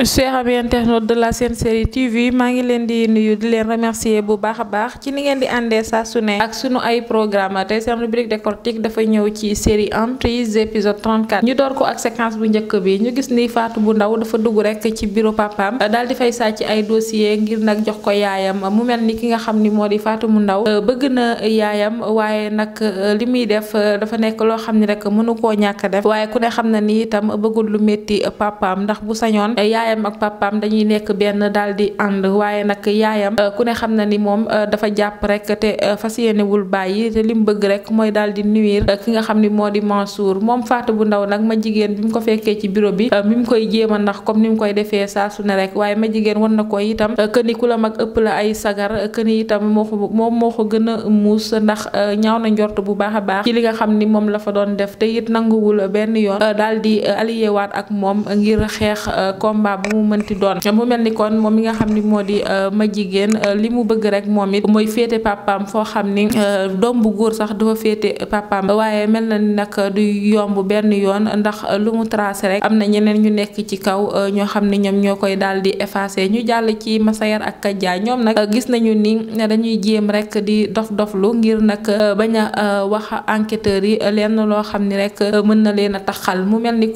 chers amis internautes de la Sen Série TV maa ngi leen di nuyu di leen remercier bu baax baax ci ni ngeen di àndee sa su ak sunu ay programme tey seen rubrique décortique dafa ñëw ci série Emprise épisode 34 ñu door ko ak séquence bu njëkk bi ñu gis ni faatu bu ndaw dafa dugg rek ci bureau papam daal di fay sàcc ay dossier ngir nag jox ko yaayam mu mel ni ki nga xam ni moo di faatu mu ndaw euh, bëgg na yaayam waaye nag euh, li muy def euh, dafa nekk loo xam ni rek mënu koo ñàkk def waaye ku ne xam na ni itam bëggul lu métti papam ndax bu sañoon yaayam ak papaam nekk benn daal di ànd waaye nag yaayam euh, ku ne xam na ni moom euh, dafa jàpp rek te euh, fas yéenewul bàyyi te li mu bëgg rek mooy daal di nuir ki nga xam ni moo di Mansour moom Fatou bu ndaw nag ma jigéen bi mu ko fekkee ci bureau bi mi mu koy jéem a ndax comme ni mu koy defee saa su ne rek waaye ma jigéen wan na ko itam que ni ku la mag ëpp la ay sagar que ni itam moo ko moom moo ko gën a muus ndax ñaaw na njort bu baax a baax ci li nga xam ni moom la fa doon def te it nanguwul benn yoon daal di ak moom ngir xeex combat combat bu mu mënti doon mu mel ni kon moom mi nga xam ni moo di euh, ma jigéen euh, li mu bëgg rek moom it mooy féete papaam foo xam ni euh, doom bu góor sax doo féete papaam waaye mel na ni nag du yomb benn yoon ndax lu mu tracé rek am na ñeneen ñu nekk ci kaw ñoo xam ne ñoom ñoo koy daal di effacé ñu jàll ci Masayar ak Kaja ñoom nag gis nañu ni dañuy jéem rek di dof lu ngir nag bañ a wax enquêteurs yi lenn loo xam ni rek mën na leen a taxal mu mel ni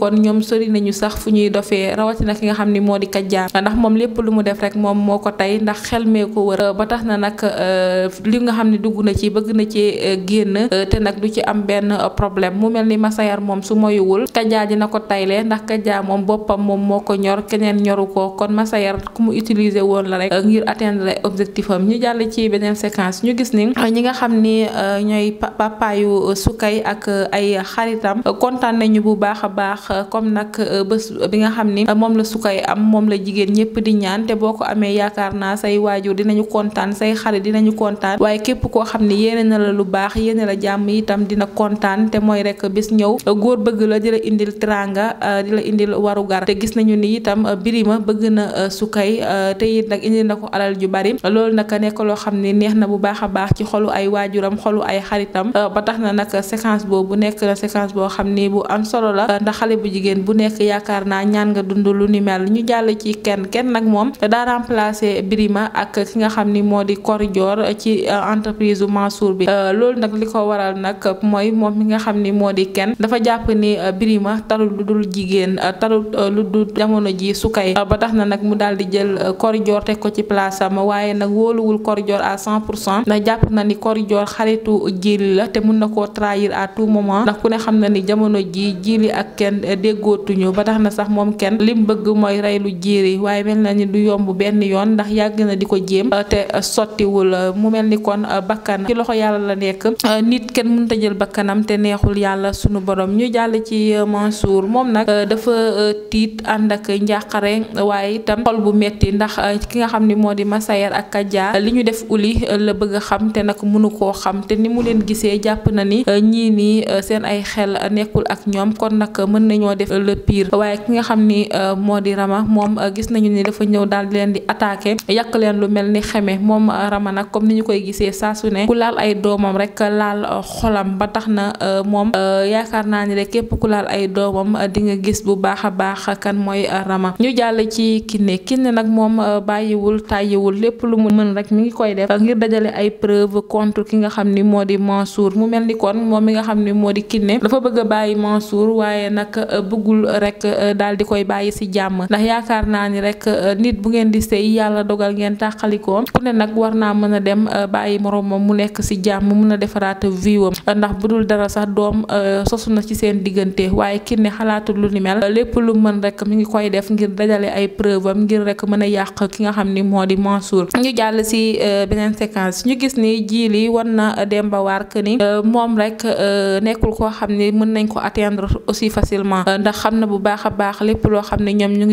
xam ni moo di Kaja ndax moom lépp lu mu def rek moom moo ko tey ndax xel mee ko wër ba tax na nag euh, li nga xam ne dugg na ci bëgg na ci euh, génn euh, te nag du ci am benn problème mu mel ni Masayar moom su moyuwul Kaja dina ko tayle ndax Kaja moom boppam moom moo ko ñor keneen ñoru ko kon Masayar ku mu utiliser woon la rek ngir atteindre objectif am ñu jàll ci beneen séquence ñu gis ni ñi nga xam ni ñooy papaayu Sukay ak ay xaritam kontaan nañu bu baax a baax comme koy am moom la jigéen ñëpp di ñaan te boo ko amee yaakaar naa say waajur dinañu kontaan say xarit dinañu kontaan waaye képp koo xam ne yéene na la lu baax yéene la jàmm itam dina kontaan te mooy rek bis ñëw góor bëgg la di indil tranga euh, di la indil warugar te gis nañu ni itam euh, birima bëgg na euh, sukay te it nag indil na ko alal ju bari loolu nag nekk loo xam ne neex na bu baax a baax ci xolu ay waajuram xolu ay xaritam ba tax na nag séquence boobu nekk na boo xam la final ñu jàll ci kenn kenn nag moom daa remplacé Birima ak ki nga xam ni moo di Cordior ci euh, entreprise u Mansour bi euh, loolu nag li ko waral nag mooy moom mi nga xam ni moo di kenn dafa jàpp ni euh, Birima tarul lu dul jigéen tarul lu dul jamono ji sukay ba tax na nag mu daal di jël Cordior teg ko ci place am waaye nag wóoluwul Cordior à cent pour cent ndax jàpp na ni Cordior xaritu jili la te mun na koo trahir à tout moment ndax ku ne xam na ni jamono ji jili ak kenn déggootuñu ba tax na sax moom kenn lim bëgg mooy mooy rey lu jiir yi waaye mel na ni du yomb benn yoon ndax yàgg na di ko jéem uh, te uh, sottiwul uh, mu mel ni kon bakkan ci loxo yàlla la nekk nit kenn mënut a jël bakkanam neexul yàlla sunu borom ñu jàll ci Mansour moom nag dafa tiit ànd ak njàqare waaye itam xol bu metti ndax ki nga xam ni moo di Masayer ak Kaja li ñu def uli la bëgg a xam te nag mënu koo xam te ni mu leen gisee jàpp na ni ñii nii seen ay xel nekkul ak ñoom kon nag mën nañoo def le pire waaye ki nga xam ni moo di Rama moom euh, gis nañu ni dafa ñëw daal di leen di attaqué yàq leen lu mel ni xeme moom euh, Rama nag comme ni ñu koy gisee saa su ne ku laal ay doomam rek euh, laal xolam ba tax na moom yaakaar naa ni rek képp ku laal ay doomam di nga gis bu baax a baax kan mooy Rama ñu jàll ci Kiné Kiné nag moom bàyyiwul tàyyiwul lépp lu mu mën rek mi ngi koy def ngir dajale ay preuve contre ki nga xam ni moo di Mansour mu mel ni kon moom mi nga xam ni moo di Kiné dafa bëgg a bàyyi Mansour waaye nag bëggul rek daal di koy ndax yaakaar naa ni rek euh, nit bu ngeen di sëy yàlla dogal ngeen tàqalikoo ku ne nag war naa mën a dem euh, bàyyi moroomam mu nekk si jàmm mun a defaraat viwam euh, ndax bu dul dara sax doom sosu na ci seen diggante waaye ki ne xalaatul lu ni mel lépp lu mën rek mu ngi koy def ngir dajale ay preuve ngir rek mën a yàq ki nga xam ni moo di Mansour ñu jàll si beneen séquence ñu gis ni Djily wan na Demba War que ni moom rek nekkul koo xam ni mën nañ ko at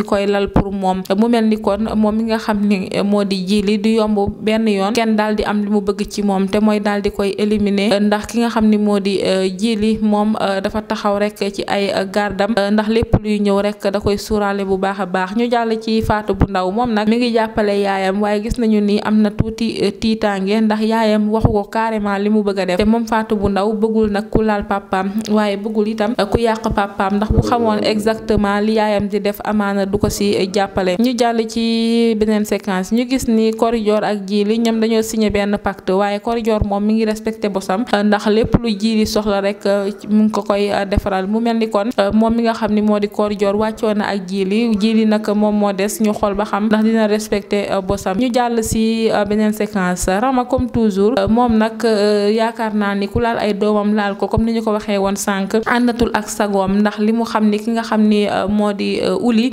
dañ koy lal pour moom mu mel ni kon moom mi nga xam ni eh, moo di Djily du yomb benn yoon kenn daal di am li mu bëgg ci moom te mooy daal di koy éliminer eh, ndax ki nga xam ni moo di Djily eh, moom dafa taxaw rek ci ay gardam ndax lépp luy ñëw rek da koy suuraale bu baax a baax ñu jàll ci faatu bu ndaw moom nag mu ngi jàppale yaayam waaye gis nañu ni am na tuuti tiitaange ndax yaayam waxu ko carrément li mu bëgg a def te moom faatu bu ndaw bëggul nag ku laal papaam waaye bëggul itam ku yàq papaam ndax bu xamoon exactement li yaayam di def amaana du ko si jàppale ñu jàll ci beneen séquence ñu gis ni Corridor ak Djily ñoom dañoo signé benn pacte waaye Corridor moom mi ngi respecté bosam ndax lépp lu Djily soxla rek mu ngi ko koy euh, defaral mu mel ni kon euh, moom mi nga xam ni moo di Corridor wàccoo na ak Djily Djily nag moom moo des ñu xool ba xam ndax dina respecté euh, bosam ñu jàll si beneen séquence Rama comme toujours moom nag yaakaar naa ni ku laal ay doomam laal ko comme ni ñu ko waxee woon sànq àndatul ak sagoom ndax li mu xam ni ki nga xam ni moo di uli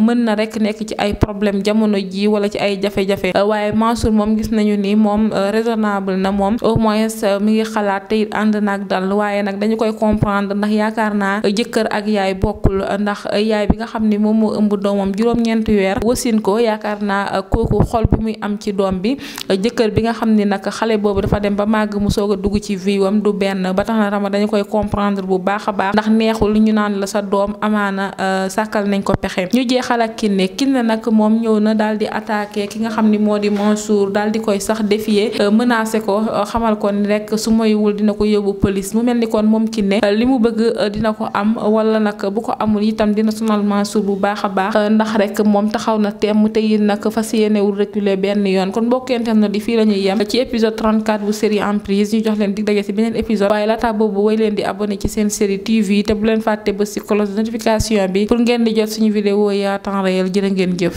mën na rek nekk ci ay problème jamono ji wala ci ay jafe-jafe euh, waaye Mansour moom gis nañu ni moom euh, raisonnable na moom au moins euh, mi ngi xalaat te it ànd naag dal waaye nag dañu koy comprendre ndax yaakaar naa jëkkër ak yaay bokkul ndax yaay bi nga xam ni moom moo ëmb doomam juróom-ñeenti weer wasin ko yaakaar naa kooku xol bi muy am ci doom bi jëkkër bi nga xam ni nag xale boobu dafa dem ba màgg mu soog dugg ci vie du benn ba tax na rama dañu koy comprendre bu baaxa a baax ndax neexul ñu naan la sa doom amaana sàkkal nañ ko pexe ñuy jeexal ak Kiné Kiné nag moom ñëw na daal di ki nga xam ni moo di Mansour daal koy sax défier euh, menacé ko euh, xamal ko ni rek su moywul dina ko yóbbu police mu mel ni kon moom Kiné euh, li mu bëgg dina ko am wala nag bu ko amul itam dina sonal Mansour bu baax a baax ndax rek moom taxaw na temm te yéen nag fas yéenewul reculer benn yoon kon mbokkente na di fii la yem ci épisode 34 bu série Emprise ñu jox leen dig daje si beneen épisode waaye laata boobu way leen di abonné ci seen série TV te bu leen fàtte ba si cloche Roya temps réel jërë ngeen jëf.